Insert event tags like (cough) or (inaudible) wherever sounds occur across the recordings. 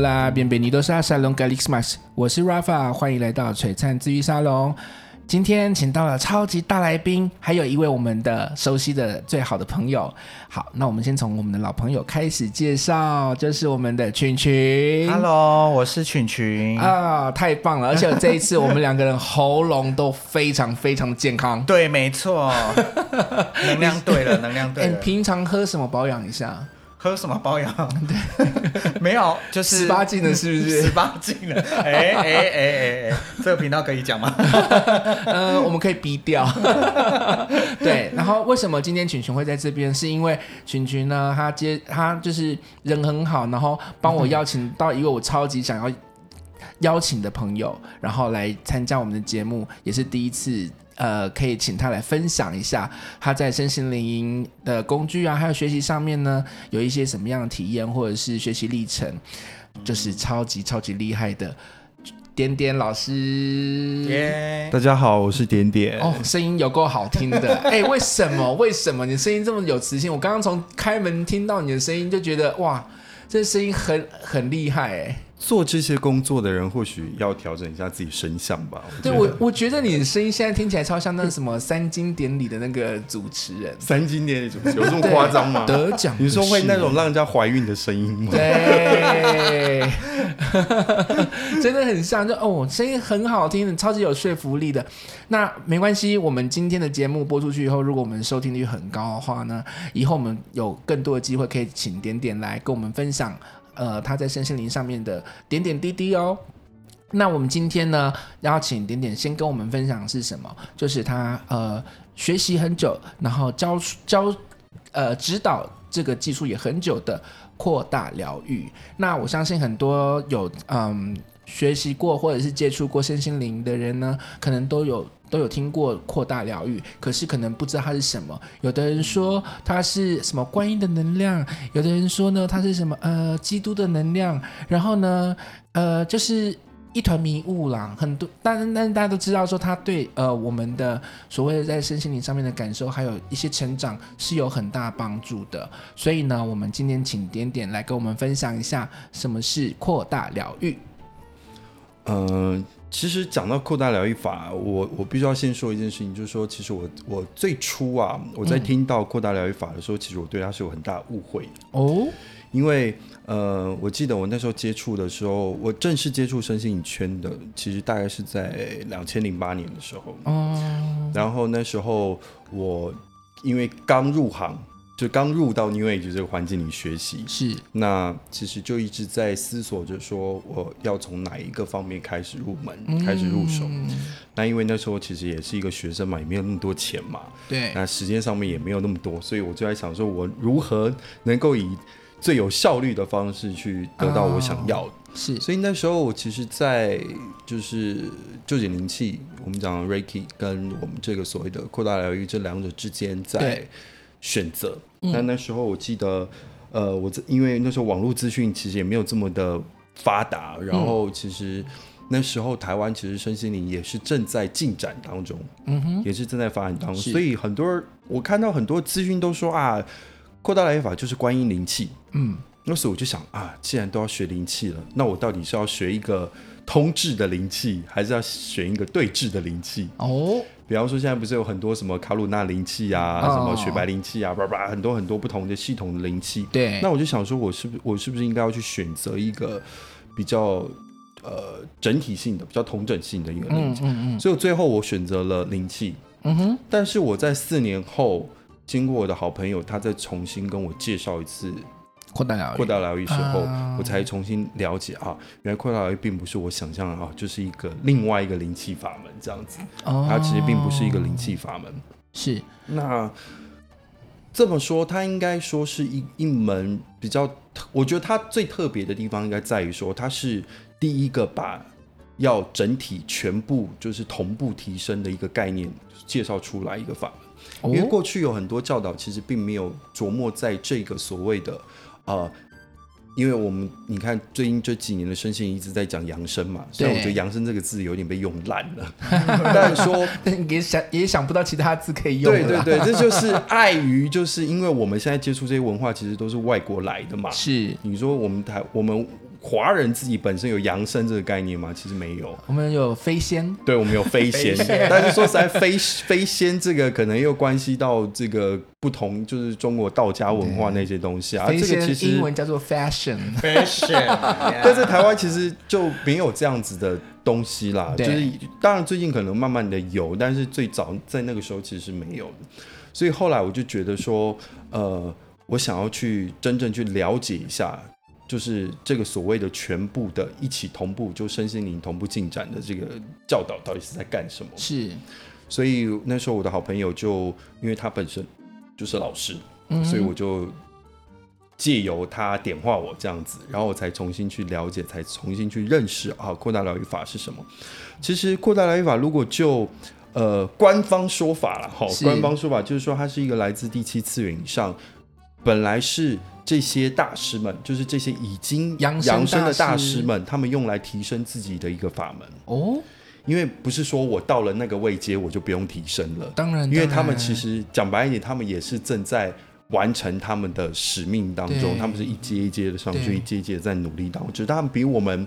Hola，Bienvenidos a Salón karisMax，我是 Rafa，歡迎來到璀璨自遇沙龍。今天請到了超級大來賓，還有一位我們的熟悉的最好的朋友。好，那我們先從我們的老朋友開始介紹，就是我們的群群。Hello，我是群群啊，oh, 太棒了！而且這一次我們兩個人喉嚨都非常非常的健康。 (laughs) 對，沒錯， (laughs) 能量對了，能量對了。你平常喝什麼保養一下？喝什麼包養？沒有，就是十八禁的，是不是十八禁的？哎哎哎哎哎，這個頻道可以講嗎？ (laughs) 呃，我們可以逼掉。 (laughs) 對，然後為什麼今天群群會在這邊？是因為群群呢，他接他就是人很好，然後幫我邀請到一位我超級想要邀請的朋友，然後來參加我們的節目，也是第一次。呃，可以請他來分享一下他在身心靈的工具啊，還有學習上面呢，有一些什麼樣的體驗或者是學習歷程，就是超級超級厲害的點點老師。Yeah. 大家好，我是點點。哦，聲音有夠好聽的，哎，欸，為什麼？為什麼你聲音這麼有磁性？ (laughs) 我剛剛從開門聽到你的聲音，就覺得哇，這聲音很很厲害欸。做這些工作的人或許要調整一下自己聲相吧。我覺得。對我，我覺得你的聲音現在聽起來超像那什麼三金典禮的那個主持人。三金典禮主持人有這麼誇張嗎？ (laughs) 得獎你說會那種讓人家懷孕的聲音嗎？對， (laughs) (laughs) 真的很像，就哦，聲音很好聽，超級有說服力的。那沒關係，我們今天的節目播出去以後，如果我們收聽率很高的話呢，以後我們有更多的機會可以請點點來跟我們分享。呃，他在身心靈上面的點點滴滴哦。那我們今天呢，邀請點點先跟我們分享是什麼？就是他呃學習很久，然後教教、呃指導這個技術也很久的擴大療癒。那我相信很多有嗯學習過或者是接觸過身心靈的人呢，可能都有。都有聽過擴大療癒，可是可能不知道它是什麼。有的人說它是什麼觀音的能量，有的人說呢它是什麼呃基督的能量，然後呢呃就是一團迷霧啦。很多但但大家都知道說它對呃我們的所謂的在身心靈上面的感受，還有一些成長是有很大幫助的。所以呢，我們今天請典典來跟我們分享一下什麼是擴大療癒。呃其實講到擴大療癒法，我我必須要先說一件事情，就是說，其實我我最初啊，我在聽到擴大療癒法的時候，嗯、其實我對它是有很大誤會哦。因為呃，我記得我那時候接觸的時候，我正式接觸身心靈圈的，其實大概是在兩千零八年的時候、嗯。然後那時候我因為剛入行。就剛入到 New Age 這個環境裡學習，是那其實就一直在思索着說，我要從哪一個方面開始入門、嗯，開始入手。那因為那時候其實也是一個學生嘛，也沒有那麼多錢嘛，對，那時間上面也沒有那麼多，所以我就在想說，我如何能夠以最有效率的方式去得到我想要的。哦、是，所以那時候我其實，在就是就靈氣，我們講 Reiki 跟我們這個所謂的擴大療癒這兩者之間在。選擇，那、嗯、那時候我記得，呃，我因為那時候網絡資訊其實也沒有這麼的發達，然後其實那時候台灣其實身心靈也是正在進展當中，嗯哼，也是正在發展當中，所以很多我看到很多資訊都說啊，擴大療法就是觀音靈氣，嗯，那時候我就想啊，既然都要學靈氣了，那我到底是要學一個通治的靈氣，還是要學一個對治的靈氣？哦。比方說，現在不是有很多什麼卡魯納靈氣啊，什麼雪白靈氣啊，叭叭，很多很多不同的系統的靈氣。對。那我就想說，我是不我是不是應該要去選擇一個比較呃整體性的，比較統整性的一個靈氣？嗯嗯嗯。所以我最後我選擇了靈氣。嗯哼。但是我在四年後，經過我的好朋友，他再重新跟我介紹一次。擴大療擴大療癒時候我才重新了解，啊，原來擴大療癒並不是我想象的啊，就是一個另外一個靈氣法門這樣子。哦，它其實並不是一個靈氣法門，哦。是那這麼說，它應該說是一一門比較，我覺得它最特別的地方應該在於說，它是第一個把要整體全部就是同步提升的一個概念介紹出來一個法門。因為過去有很多教導，其實並沒有琢磨在這個所謂的。啊、uh，因為我們你看最近這幾年的聲線一直在講揚升嘛，所以我覺得揚升這個字有點被用爛了。 (laughs) 但是說， (laughs) 也想也想不到其他字可以用。 (laughs) 對對對，這就是礙於，就是因為我們現在接觸這些文化，其實都是外國來的嘛。是，你說我們台我們。華人自己本身有揚升這個概念嗎？其實沒有，我們有飛仙，對，我們有飛仙，飛仙但是說實在飛，飛 (laughs) 飛仙這個可能又關係到這個不同，就是中國道家文化那些東西啊。仙啊這個、其實英文叫做 fashion，fashion， (laughs) 但在台灣其實就沒有這樣子的東西啦。就是當然最近可能慢慢的有，但是最早在那個時候其實是沒有的。所以後來我就覺得說，呃，我想要去真正去了解一下。就是這個所謂的全部的一起同步，就身心靈同步進展的這個教導，到底是在幹什麼？是，所以那時候我的好朋友就，因為他本身就是老師，嗯，所以我就借由他點化我這樣子，然後我才重新去了解，才重新去認識啊，擴大療癒法是什麼？其實擴大療癒法，如果就呃官方說法了，好，官方說法就是說它是一個來自第七次元以上，本來是這些大師們，就是這些已經揚升的大師們，他們用來提升自己的一個法門。哦，因為不是說我到了那個位階，我就不用提升了。當然，當然。因為他們其實講白一點，他們也是正在完成他們的使命當中，他們是一階一階的上去，一階一階在努力當中。只是他們比我們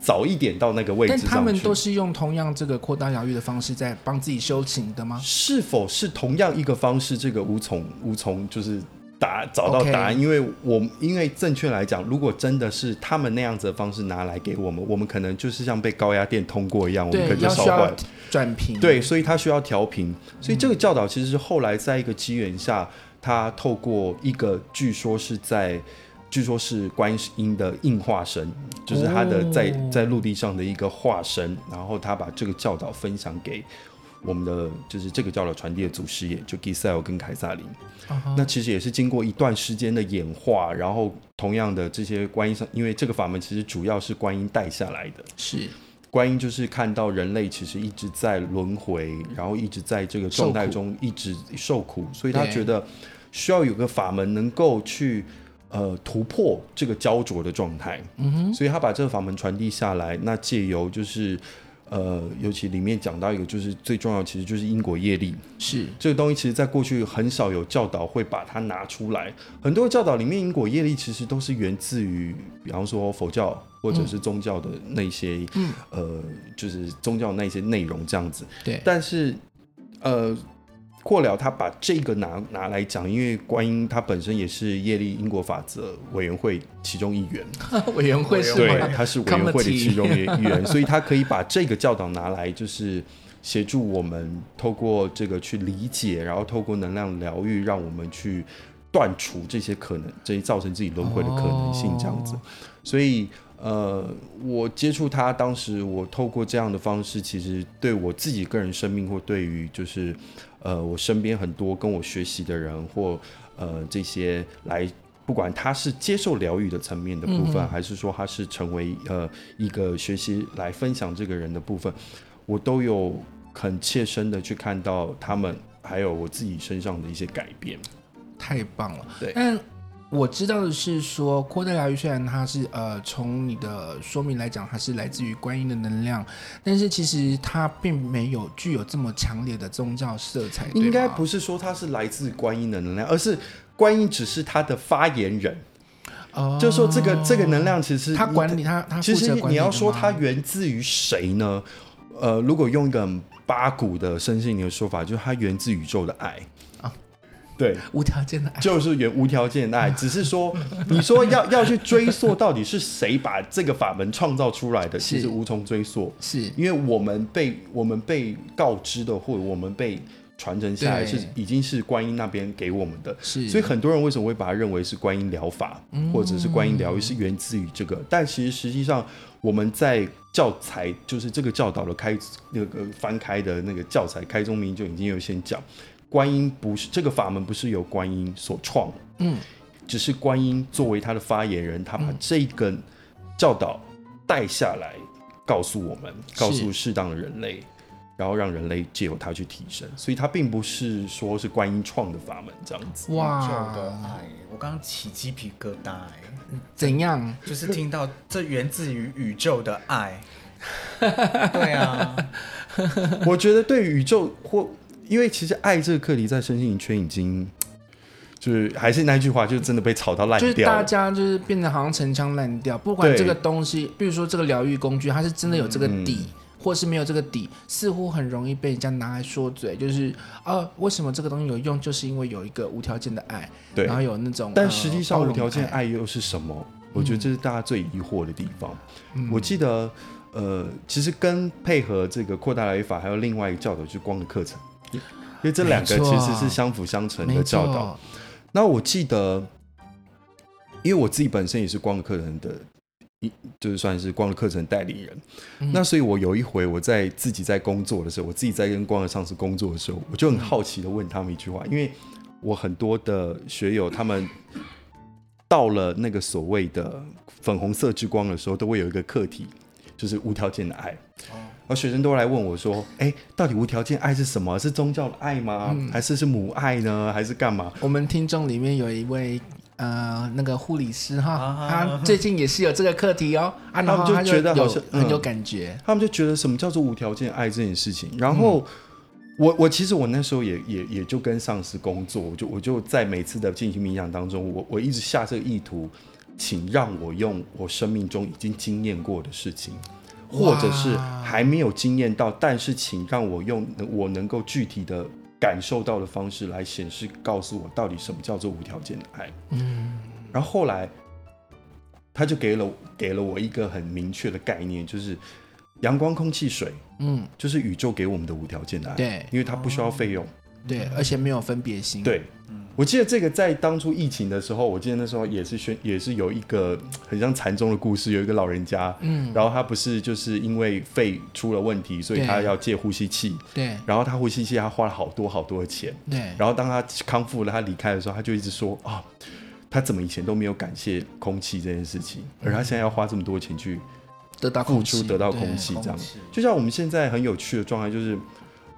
早一點到那個位置，但他們都是用同樣這個擴大療癒的方式在幫自己修行的嗎？是否是同樣一個方式？這個無從無從就是。答找到答案，okay. 因為我因為正確來講，如果真的是他們那樣子的方式拿來給我們，我們可能就是像被高壓電通過一樣，我們可能就燒壞。轉頻對，所以他需要調頻，所以這個教導其實是後來在一個機緣下、嗯，他透過一個據說是在，據說是觀音的應化身，就是他的在、哦、在陸地上的一個化身，然後他把這個教導分享給。我們的就是這個叫做傳遞的祖師爺，就 Giselle 跟凱撒琳，uh -huh. 那其實也是經過一段時間的演化，然後同樣的這些觀音上，因為這個法門其實主要是觀音帶下來的是，觀音就是看到人類其實一直在輪迴，然後一直在這個狀態中一直受苦、受苦，所以他覺得需要有個法門能夠去呃突破這個焦灼的狀態，uh -huh. 所以他把這個法門傳遞下來，那借由就是。呃，尤其裡面講到一個，就是最重要，其實就是因果業力。是這個東西，其實，在過去很少有教導會把它拿出來。很多教導裡面，因果業力其實都是源自於，比方說佛教或者是宗教的那些，嗯，呃，就是宗教那些內容這樣子。對，嗯，但是，呃。過了，他把這個拿拿來講，因為觀音他本身也是業力因果法則委員會其中一員， (music) 委員會是對，他是委員會的其中一員， (music) 所以他可以把這個教導拿來，就是協助我們透過這個去理解，然後透過能量療癒，讓我們去。斷除這些可能，這些造成自己輪迴的可能性，這樣子。Oh. 所以，呃，我接觸他當時，我透過這樣的方式，其實對我自己個人生命，或對於就是呃我身邊很多跟我學習的人，或呃這些來，不管他是接受療癒的層面的部分，Mm-hmm. 還是說他是成為呃一個學習來分享這個人的部分，我都有很切身的去看到他們，還有我自己身上的一些改變。太棒了，對。但我知道的是說，說擴大療癒雖然它是呃從你的說明來講，它是來自於觀音的能量，但是其實它並沒有具有這麼強烈的宗教色彩。應該不是說它是來自觀音的能量，而是觀音只是他的發言人。就、哦、就說這個這個能量其實他管理他，他其實你要說他源自於誰呢？呃，如果用一個八股的身心靈的說法，就是他源自宇宙的愛。對，無條件的愛就是原無條件的愛，嗯、只是說，你說要 (laughs) 要去追溯到底是誰把這個法門創造出來的，是其實無從追溯，是因為我們被我們被告知的，或我們被傳承下來是，是已經是觀音那邊給我們的，是，所以很多人為什麼會把它認為是觀音療法、嗯，或者是觀音療愈，是源自於這個，但其實實際上我們在教材，就是這個教導的開那個翻開的那個教材開宗明義，就已經有先講。觀音不是這個法門，不是由觀音所創。嗯，只是觀音作為他的發言人，他把這一根教導帶下來，告訴我們、嗯，告訴適當的人類，然後讓人類借由他去提升。所以，他並不是說是觀音創的法門這樣子。哇，宇宙的愛，我剛剛起雞皮疙瘩哎，怎樣？就是聽到這源自於宇宙的愛。 (laughs) (laughs) 對啊， (laughs) 我覺得對於宇宙或。因為其實愛這個課題在身心靈圈，已經，就是還是那句話，就是真的被炒到爛掉，就是大家就是變得好像陳腔濫調，不管這個東西，比如說這個療癒工具，它是真的有這個底，或是沒有這個底，似乎很容易被人家拿來說嘴，就是啊，為什麼這個東西有用？就是因為有一個無條件的愛，然後有那種、呃、但實際上無條件愛又是什麼？我覺得這是大家最疑惑的地方。我記得呃，其實跟配合這個擴大療癒法，還有另外一個教導就是光的課程。因為這兩個其實是相輔相成的教導。那我記得，因為我自己本身也是光的課程的，一就是算是光的課程代理人。嗯、那所以，我有一回我在自己在工作的時候，我自己在跟光的上司工作的時候，我就很好奇的問他們一句話，嗯、因為我很多的學友他們到了那個所謂的粉紅色之光的時候，都會有一個課題。就是無條件的愛，而、哦、學生都來問我說：“哎、欸，到底無條件愛是什麼？是宗教的愛嗎？嗯、還是是母愛呢？還是幹嘛？”我們聽眾裡面有一位呃，那個護理師啊哈、啊，他最近也是有這個課題哦，啊，然後他就覺得，他們就覺得、嗯、很有感覺、嗯，他們就覺得什麼叫做無條件愛這件事情。然後、嗯、我我其實我那時候也也也就跟上司工作，我就我就在每次的進行冥想當中，我我一直下這個意圖。請讓我用我生命中已經經驗過的事情，或者是還沒有經驗到，但是請讓我用我能夠具體的感受到的方式來顯示告訴我到底什麼叫做無條件的愛。嗯，然後後來他就給了給了我一個很明確的概念，就是陽光、空氣、水，嗯，就是宇宙給我們的無條件的愛。對，因為它不需要費用。嗯，對，而且沒有分別心。對。我記得這個在當初疫情的時候，我記得那時候也是宣，也是有一個很像禪宗的故事，有一個老人家，嗯，然後他不是就是因為肺出了問題，所以他要借呼吸器，對，然後他呼吸器他花了好多好多的錢，對，然後當他康復了，他離開的時候，他就一直說啊、哦，他怎麼以前都沒有感謝空氣這件事情，而他現在要花這麼多錢去得到付出得到空氣，這樣，就像我們現在很有趣的狀態就是。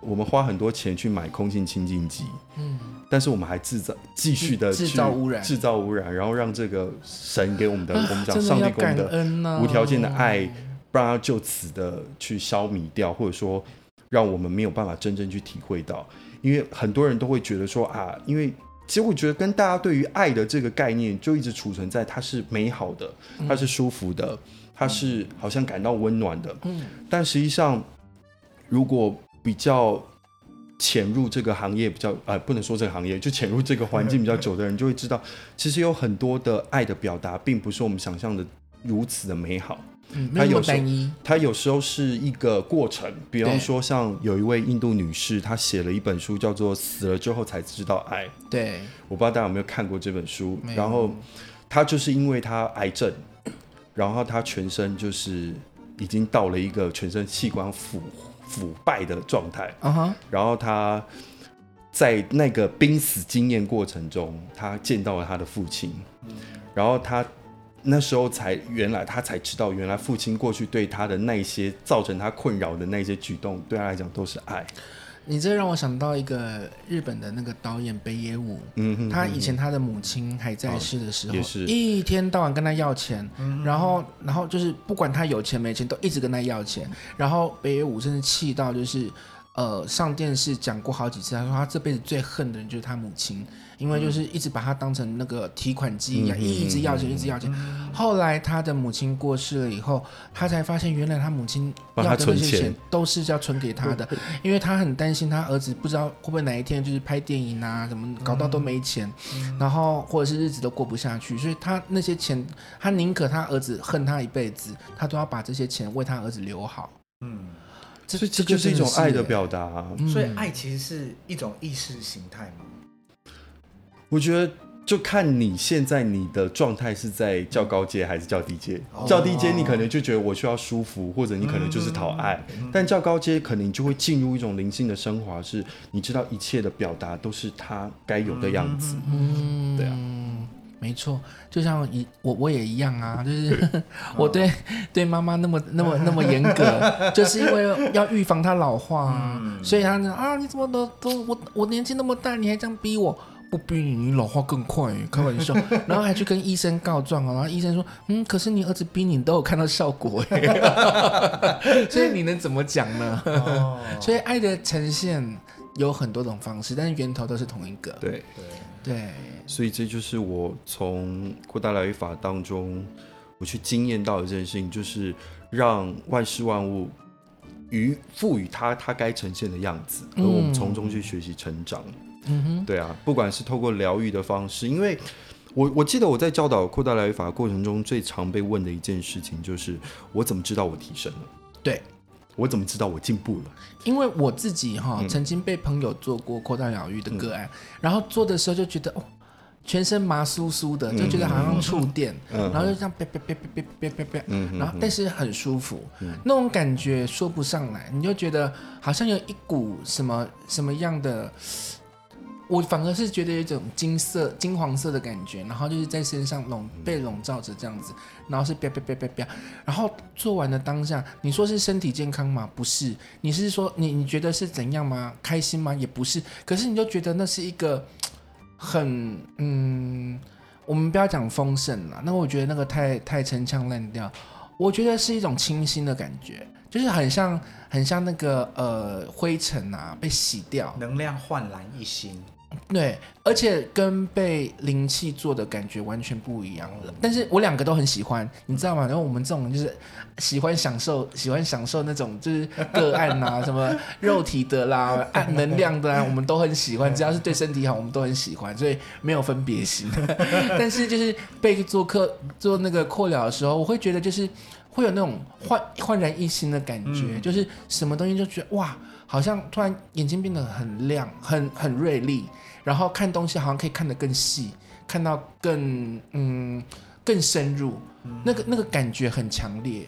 我們花很多錢去買空氣清淨機，嗯，但是我們還製造繼續的製造污染，製、嗯、造污染，然後讓這個神給我們的，工、啊、匠上帝給我們的無條件的愛，不、啊、它、啊、就此的去消弭掉，或者說讓我們沒有辦法真正去體會到，因為很多人都會覺得說啊，因為其實我覺得跟大家對於愛的這個概念，就一直儲存在它是美好的，它是舒服的，嗯、它是好像感到溫暖的，嗯，但實際上如果。比較潛入這個行業比較，呃，不能說這個行業，就潛入這個環境比較久的人，就會知道，其實有很多的愛的表達，並不是我們想象的如此的美好。嗯，它有聲音，它有時候是一個過程。比方說，像有一位印度女士，她寫了一本書，叫做《死了之後才知道愛》。對，我不知道大家有沒有看過這本書。然後，她就是因為她癌症，然後她全身就是已經到了一個全身器官腐活。腐敗的狀態，Uh-huh. 然後他在那個瀕死經驗過程中，他見到了他的父親，嗯。然後他那時候才原來他才知道，原來父親過去對他的那些造成他困擾的那些舉動，對他來講都是愛。你這讓我想到一個日本的那個導演北野武，嗯、他以前他的母親還在世的時候，嗯、一天到晚跟他要錢、嗯，然後，然後就是不管他有錢沒錢都一直跟他要錢，然後北野武甚至氣到就是。呃，上電視講過好幾次，他說他這輩子最恨的人就是他母親，因為就是一直把他當成那個提款機一樣、啊，嗯嗯嗯一直要錢，一直要錢。後來他的母親過世了以後，他才發現原來他母親要的那些錢都是要存給他的，因為他很擔心他兒子不知道會不會哪一天就是拍電影啊，怎麼搞到都沒錢，嗯嗯然後或者是日子都過不下去，所以他那些錢，他寧可他兒子恨他一輩子，他都要把這些錢為他兒子留好。嗯。所以這就是一種愛的表達、啊嗯。所以愛其實是一種意識形態嗎？我覺得就看你現在你的狀態是在較高階還是較低階、哦。較低階你可能就覺得我需要舒服，或者你可能就是討愛、嗯。但較高階可能你就會進入一種靈性的升華，是你知道一切的表達都是他該有的樣子。嗯、對啊。沒錯，就像一我我，我也一樣啊，就是 (laughs) 我對、哦、對媽媽那麼那麼那麼嚴格， (laughs) 就是因為要預防她老化、啊嗯，所以她啊你怎麼都都我我年紀那麼大，你還這樣逼我，不逼你，你老化更快，開玩笑，然後還去跟醫生告狀啊，然後醫生說嗯，可是你兒子逼你，你都有看到效果耶， (laughs) 所以你能怎麼講呢、哦？所以愛的呈現。有很多種方式，但是源頭都是同一個。對對對，所以這就是我從擴大療癒法當中，我去經驗到的一件事情，就是讓萬事萬物予賦予它它該呈現的樣子，而我們從中去學習成長。嗯哼，對啊，不管是透過療癒的方式，嗯、因為我我記得我在教導擴大療癒法過程中，最常被問的一件事情就是，我怎麼知道我提升了？對。我怎麼知道我進步了？因為我自己哈、哦嗯、曾經被朋友做過擴大療癒的個案，嗯，然後做的時候就覺得哦，全身麻酥酥的，就覺得好像觸電，嗯、然後就這樣別別別別別別，然後但是很舒服，嗯哼哼，那種感覺說不上來，你就覺得好像有一股什麼什麼樣的。我反而是覺得有一種金色、金黃色的感覺，然後就是在身上籠被籠罩着這樣子，然後是啪啪啪啪啪啪，然後做完的當下，你說是身體健康嗎？不是，你是說你你覺得是怎樣嗎？開心嗎？也不是，可是你就覺得那是一個很嗯，我們不要講豐盛了，那我覺得那個太太陳腔濫調，我覺得是一種清新的感覺，就是很像很像那個呃灰塵啊被洗掉，能量煥然一新。對，而且跟被靈氣做的感覺完全不一樣了。但是我兩個都很喜歡，你知道嗎？然後我們這種就是喜歡享受，喜歡享受那種就是個案啊， (laughs) 什麼肉體的啦、 (laughs) 能量的啦，我們都很喜歡。只要是對身體好，我們都很喜歡，所以沒有分別心。 (laughs) 但是就是被做客做那個擴療的時候，我會覺得就是。會有那種煥煥然一新的感覺，嗯，就是什麼東西就覺得哇，好像突然眼睛變得很亮，很很銳利，然後看東西好像可以看得更細，看到更嗯更深入，嗯，那個那個感覺很強烈。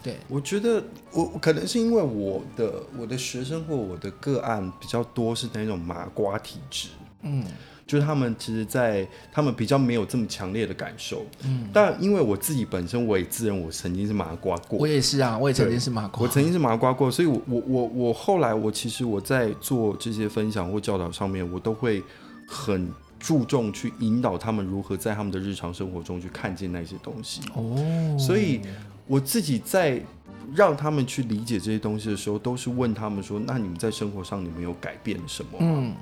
對，我覺得我可能是因為我的我的學生或我的個案比較多是那種麻瓜體質，嗯。就是他們其實在，在他們比較沒有這麼強烈的感受，嗯，但因為我自己本身，我也自認我曾經是麻瓜過，我也是啊，我也曾經是麻瓜，我曾經是麻瓜過，所以我，我我我我後來，我其實我在做這些分享或教導上面，我都會很注重去引導他們如何在他們的日常生活中去看見那些東西哦，所以我自己在讓他們去理解這些東西的時候，都是問他們說：“那你們在生活上，你們有改變什麼嗎？”嗯。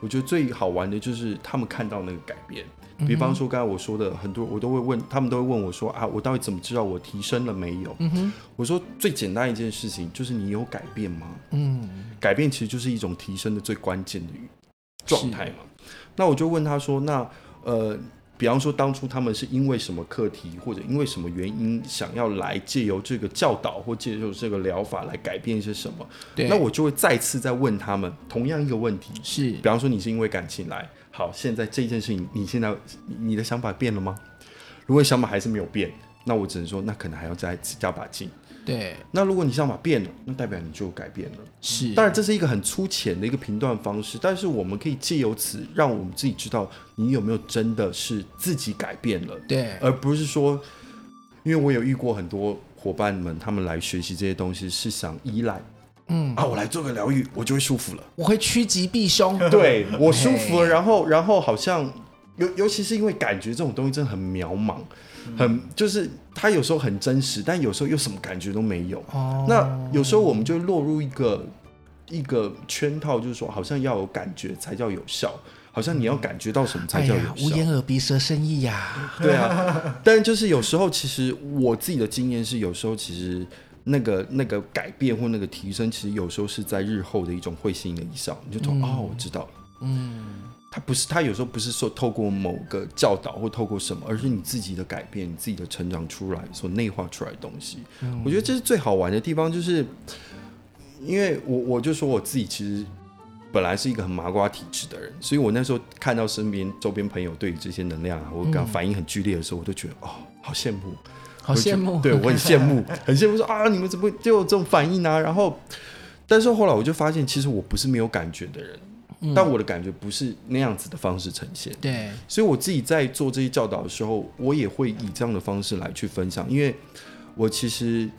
我覺得最好玩的就是他們看到那個改變，比方說剛才我說的，很多我都會問、嗯、他們，都會問我說啊，我到底怎麼知道我提升了沒有、嗯？我說最簡單一件事情就是你有改變嗎？嗯、改變其實就是一種提升的最關鍵的狀態嘛。那我就問他說，那呃。比方說，當初他們是因為什麼課題，或者因為什麼原因想要來借由這個教導或借由這個療法來改變一些什麼？對，那我就會再次再問他們同樣一個問題：是，比方說你是因為感情來。好，現在這件事情，你現在你的想法變了嗎？如果想法還是沒有變，那我只能說，那可能還要再加把勁。對，那如果你想法把變了，那代表你就改變了。是，當然這是一個很粗淺的一個評斷方式，但是我們可以借由此讓我們自己知道你有沒有真的是自己改變了。對，而不是說，因為我有遇過很多夥伴們，他們來學習這些東西是想依賴。嗯啊，我來做個療癒，我就會舒服了，我會趨吉避凶。對，我舒服了，然後然後好像。尤尤其是因為感覺這種東西真的很渺茫，很、嗯、就是它有時候很真實，但有時候又什麼感覺都沒有。哦、那有時候我們就落入一個一個圈套，就是說好像要有感覺才叫有效，好像你要感覺到什麼才叫有效。嗯哎、無眼耳鼻舌身意呀、啊，對啊。 (laughs) 但就是有時候，其實我自己的經驗是，有時候其實那個那個改變或那個提升，其實有時候是在日後的一種會心的以上，你就說、嗯、哦，我知道了，嗯。他不是，他有時候不是說透過某個教導或透過什麼，而是你自己的改變、你自己的成長出來所內化出來的東西、嗯。我覺得這是最好玩的地方，就是因為我我就說我自己其實本來是一個很麻瓜體質的人，所以我那時候看到身邊周邊朋友對於這些能量啊，我感覺反應很劇烈的時候，嗯、我都覺得哦，好羨慕，好羨慕，我對我很羨慕， (laughs) 很羨慕說，說啊，你們怎麼就有這種反應呢、啊？然後，但是後來我就發現，其實我不是沒有感覺的人。但我的感覺不是那樣子的方式呈現、嗯，對，所以我自己在做這些教導的時候，我也會以這樣的方式來去分享，因為我其實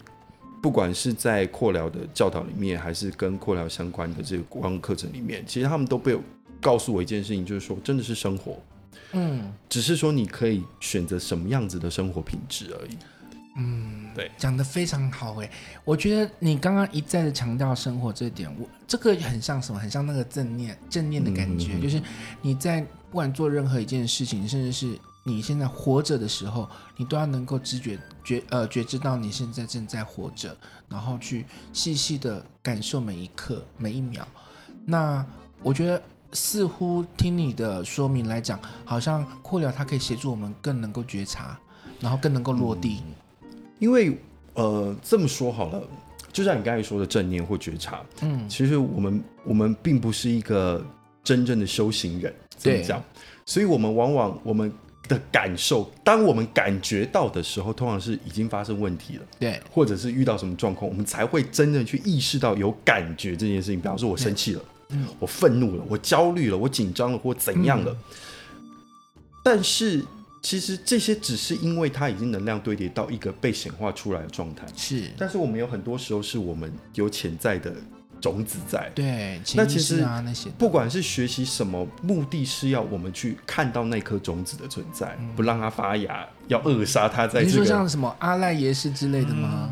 不管是在擴療的教導裡面，還是跟擴療相關的這個光課程裡面、嗯，其實他們都被告訴我一件事情，就是說真的是生活，嗯，只是說你可以選擇什麼樣子的生活品質而已。嗯，對，講得非常好哎，我覺得你剛剛一再的強調生活這一點，我這個很像什麼？很像那個正念，正念的感覺、嗯，就是你在不管做任何一件事情，甚至是你現在活着的時候，你都要能夠知覺覺，覺呃覺知到你現在正在活着，然後去細細的感受每一刻每一秒。那我覺得似乎聽你的說明來講，好像擴療它可以協助我們更能夠覺察，然後更能夠落地。嗯因為呃，這麼說好了，就像你剛才說的正念或覺察，嗯，其實我們我們並不是一個真正的修行人，怎麼講？所以我們往往我們的感受，當我們感覺到的時候，通常是已經發生問題了，對，或者是遇到什麼狀況，我們才會真正去意識到有感覺這件事情。比方說我，我生氣了，我憤怒了，我焦慮了，我緊張了，或怎樣了，嗯，但是。其實這些只是因為它已經能量堆疊到一個被顯化出來的狀態。是，但是我們有很多時候是我們有潛在的種子在。嗯、對，啊、那其世不管是學習什麼，目的是要我們去看到那顆種子的存在、嗯，不讓它發芽，要扼殺它在、這個。在你說像什麼阿賴耶識之類的嗎？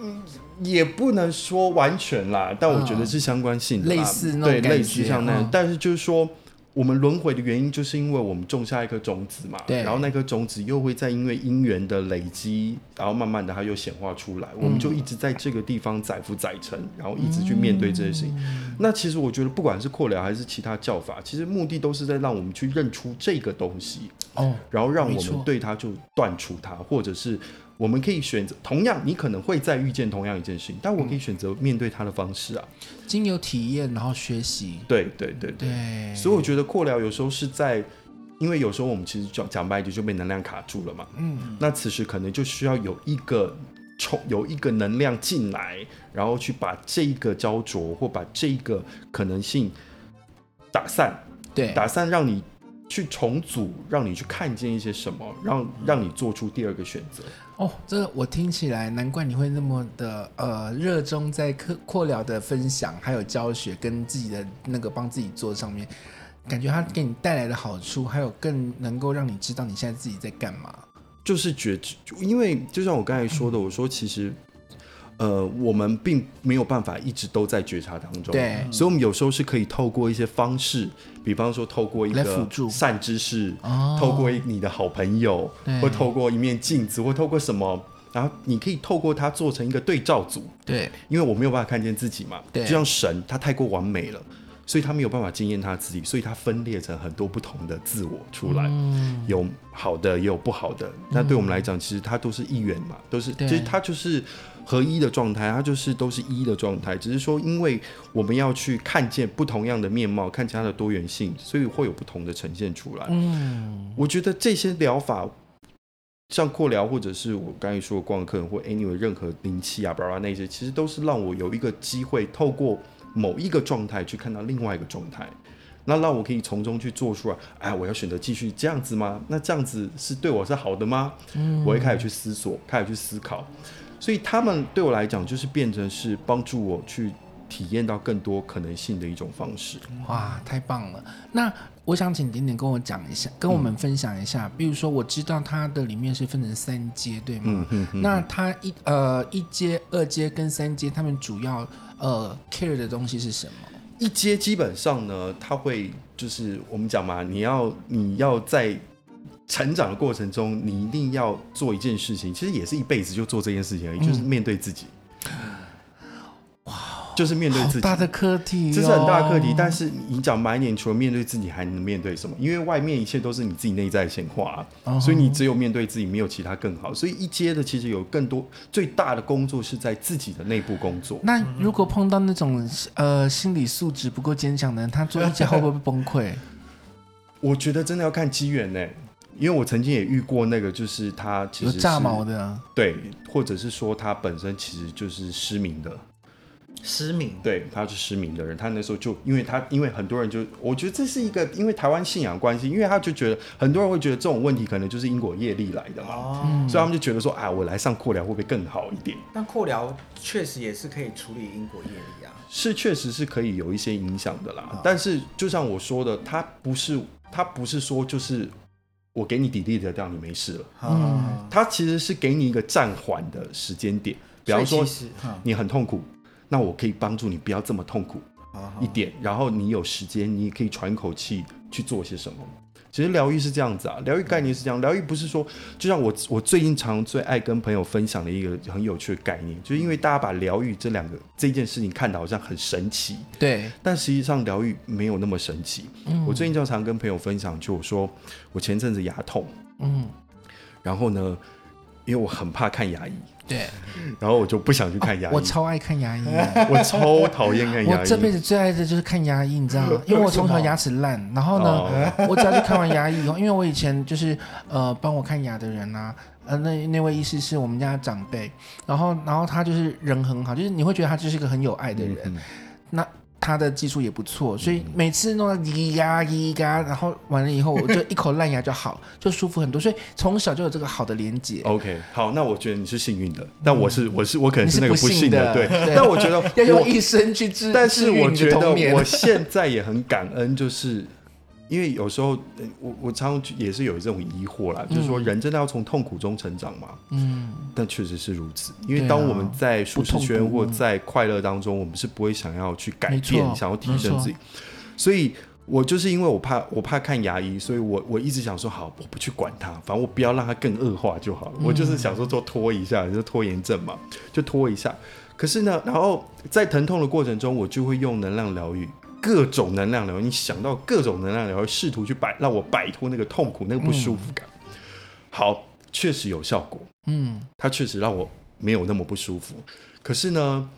嗯，也不能說完全啦，但我覺得是相關性的、嗯，類似那種對，類似像那個嗯、但是就是說。我們輪迴的原因，就是因為，我們種下一顆種子嘛，然後那顆種子又會再因為因緣的累積，然後慢慢的它又顯化出來、嗯，我們就一直在這個地方載浮載沉，然後一直去面對這些事情、嗯。那其實我覺得，不管是擴療還是其他教法，其實目的都是在讓我們去認出這個東西，哦、然後讓我們對它就斷除它，或者是。我們可以選擇同樣，你可能會再遇見同樣一件事情，但我可以選擇面對他的方式啊、嗯。經由體驗，然後學習。對對對對，對。所以我覺得擴療有時候是在，因為有時候我們其實講講白就就被能量卡住了嘛。嗯。那此時可能就需要有一個衝，有一個能量進來，然後去把這個焦灼或把這個可能性打散。對。打散，讓你去重組，讓你去看見一些什麼，讓、嗯、讓你做出第二個選擇。哦，oh，這我聽起來，難怪你會那麼的呃熱衷在擴療的分享，還有教學跟自己的那個幫自己做上面，感覺它給你帶來的好處，還有更能夠讓你知道你現在自己在幹嘛，就是覺知，因為就像我剛才說的，我說其實。呃，我們並沒有辦法一直都在覺察當中，對，所以我們有時候是可以透過一些方式，比方說透過一個善知識，透過一個善知識，oh，透過你的好朋友，或透過一面鏡子，或透過什麼，然後你可以透過它做成一個對照組，對，因為我沒有辦法看見自己嘛，對，就像神，它太過完美了。所以他沒有辦法經驗他自己，所以他分裂成很多不同的自我出來，嗯、有好的也有不好的。那對我們來講，其實他都是一元嘛、嗯，都是其實、就是、他就是合一的狀態，他就是都是一的狀態。只是說，因為我們要去看見不同樣的面貌，看見它的多元性，所以會有不同的呈現出來。嗯，我覺得這些療法，像擴療或者是我剛才說的光課，或 anyway 任何靈氣啊、巴拉那些，其實都是讓我有一個機會透過。某一個狀態去看到另外一個狀態，那讓我可以從中去做出來。哎，我要選擇繼續這樣子嗎？那這樣子是對我是好的嗎？嗯，我會開始去思索，開始去思考。所以他們對我來講，就是變成是幫助我去體驗到更多可能性的一種方式。哇，太棒了！那、我想請你點點跟我講一下，跟我們分享一下。嗯、比如說，我知道它的裡面是分成三階，對嗎？嗯嗯嗯、那它一呃一階、二階跟三階，他們主要呃 care 的東西是什麼？一階基本上呢，他會就是我們講嘛，你要你要在成長的過程中，你一定要做一件事情，其實也是一輩子就做這件事情而已，嗯、就是面對自己。就是面對自己，很大的課題、哦。這是很大的課題，但是你講滿臉除了面對自己，還能面對什麼？因為外面一切都是你自己內在顯化、啊嗯，所以你只有面對自己，沒有其他更好。所以一階的其實有更多最大的工作是在自己的內部工作。那如果碰到那種、嗯、呃心理素質不夠堅強的人，他做一階會不會崩潰？ (laughs) 我覺得真的要看機緣呢，因為我曾經也遇過那個，就是他其實是有炸毛的、啊，對，或者是說他本身其實就是失明的。失明，對，他是失明的人。他那時候就，因為他，因為很多人就，我覺得這是一個，因為台灣信仰關係，因為他就覺得很多人會覺得這種問題可能就是因果業力來的嘛、哦，所以他們就覺得說，啊，我來上擴療會不會更好一點？但擴療確實也是可以處理因果業力啊，是確實是可以有一些影響的啦、哦。但是就像我說的，他不是，他不是說就是我給你 delete 掉，你沒事了。他、哦嗯、其實是給你一個暫緩的時間點，比方說、哦、你很痛苦。那我可以幫助你，不要這麼痛苦一點，uh -huh. 然後你有時間，你也可以喘口氣去做些什麼。其實療癒是這樣子啊，療癒概念是這樣，療癒不是說就像我我最近常最愛跟朋友分享的一個很有趣的概念，嗯、就是因為大家把療癒這兩個這件事情看得好像很神奇，對，但實際上療癒沒有那麼神奇。嗯、我最近就常跟朋友分享，就我說我前陣子牙痛，嗯，然後呢，因為我很怕看牙醫。對，然後我就不想去看牙醫，啊、我超愛看牙醫，啊， (laughs) 我超討厭看牙醫。我這輩子最愛的就是看牙醫，你知道嗎？因為我從小牙齒爛，然後呢、哦，我只要去看完牙醫以後，因為我以前就是呃幫我看牙的人啊，呃那那位醫師是我們家長輩，然後然後他就是人很好，就是你會覺得他就是一個很有愛的人，嗯嗯、那。他的技術也不錯，所以每次弄到咿呀咿呀，然後完了以後，我就一口爛牙就好，就舒服很多。所以從小就有這個好的連接。OK，好，那我覺得你是幸運的，嗯，但我是我是我可能是那個不幸的，幸的對，對。但我覺得我要用一生去治，但是我覺得我現在也很感恩，就是。因為有時候，我我常常也是有一種疑惑啦，嗯、就是說，人真的要從痛苦中成長嘛。嗯，但確實是如此。嗯、因為當我們在舒適圈不不或在快樂當中，我們是不會想要去改變、想要提升自己。所以，我就是因為我怕我怕看牙醫，所以我我一直想說，好，我不去管它，反正我不要讓它更惡化就好了。嗯、我就是想說，做拖一下，就拖延症嘛，就拖一下。可是呢，然後在疼痛的過程中，我就會用能量療癒。各種能量療，你想到各種能量療，試圖去擺，讓我擺脫那個痛苦，那個不舒服感。嗯、好，確實有效果，嗯，它確實讓我沒有那麼不舒服。可是呢，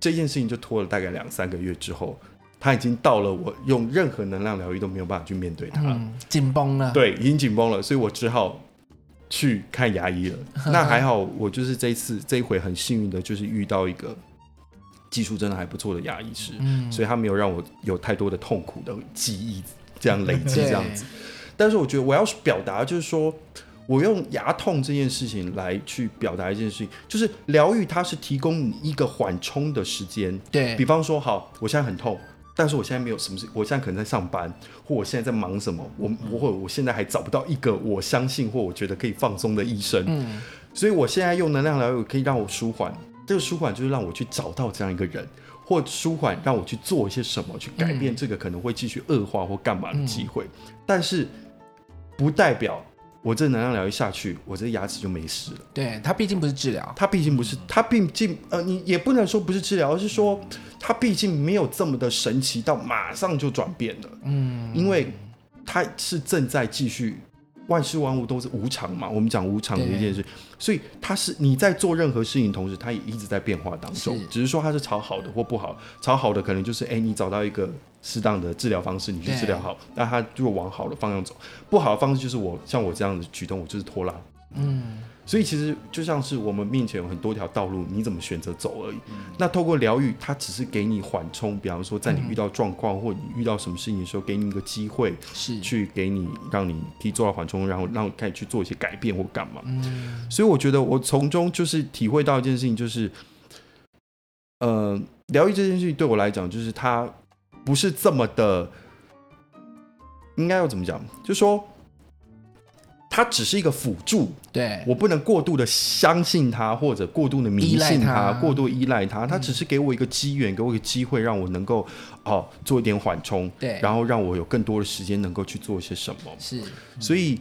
這件事情就拖了大概兩三個月之後，它已經到了我用任何能量療癒都沒有辦法去面對它了，嗯、緊繃了，對，已經緊繃了，所以我只好去看牙醫了。呵呵，那還好，我就是這一次這一回很幸運的，就是遇到一個。技術真的還不錯的牙醫師，嗯、所以他沒有讓我有太多的痛苦的記憶這樣累積這樣子。但是我覺得我要表達就是說，我用牙痛這件事情來去表達一件事情，就是療癒它是提供你一個緩衝的時間。對，比方說，好，我現在很痛，但是我現在沒有什麼事，我現在可能在上班，或我現在在忙什麼，我或我現在還找不到一個我相信或我覺得可以放鬆的醫生，嗯，所以我現在用能量療癒可以讓我舒緩。這個舒緩就是讓我去找到這樣一個人，或舒緩讓我去做一些什麼，去改變這個可能會繼續惡化或幹嘛的機會，嗯嗯。但是，不代表我這能量療一下去，我這牙齒就沒事了。對，它畢竟不是治療，它畢竟不是，它、嗯、畢竟呃，你也不能說不是治療，而是說它畢竟沒有這麼的神奇到馬上就轉變了。嗯，因為它是正在繼續。萬事萬物都是無常嘛，我們講無常的一件事，所以它是你在做任何事情，同時它也一直在變化當中，是只是說它是朝好的或不好。朝好的可能就是，哎、欸，你找到一個適當的治療方式，你去治療好，那它就往好的方向走；不好的方式就是我像我這樣的舉動，我就是拖拉，嗯。所以其實就像是我們面前有很多條道路，你怎麼選擇走而已。那透過療癒，它只是給你緩衝。比方說，在你遇到狀況或你遇到什麼事情的時候，給你一個機會，是去給你讓你可以做到緩衝，然後讓你開始去做一些改變或幹嘛。所以我覺得我從中就是體會到一件事情，就是，呃，療癒這件事情對我來講，就是它不是這麼的，應該要怎麼講，就是說。它只是一個輔助，對，我不能過度的相信它，或者過度的迷信它，過度依賴它。它、嗯、只是給我一個機緣，給我一個機會，讓我能夠哦、呃、做一點緩衝，對，然後讓我有更多的時間能夠去做一些什麼。是，嗯、所以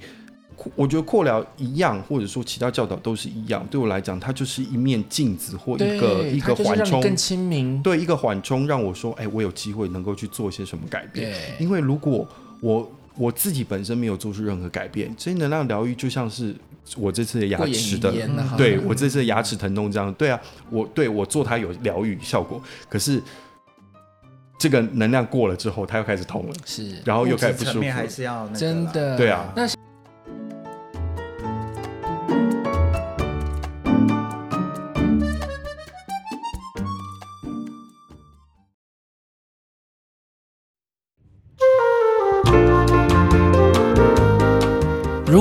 我覺得擴療一樣，或者說其他教導都是一樣。對我來講，它就是一面鏡子或一個對，一個緩衝，更親民。對，一個緩衝，讓我說，哎、欸，我有機會能夠去做一些什麼改變。因為如果我我自己本身沒有做出任何改變，所以能量療癒就像是我這次的牙齒的，言言啊、對我這次的牙齒疼痛這樣，對啊，我對我做它有療癒效果，可是這個能量過了之後，它又開始痛了，是，然後又開始不舒服，還是要，真的，對啊。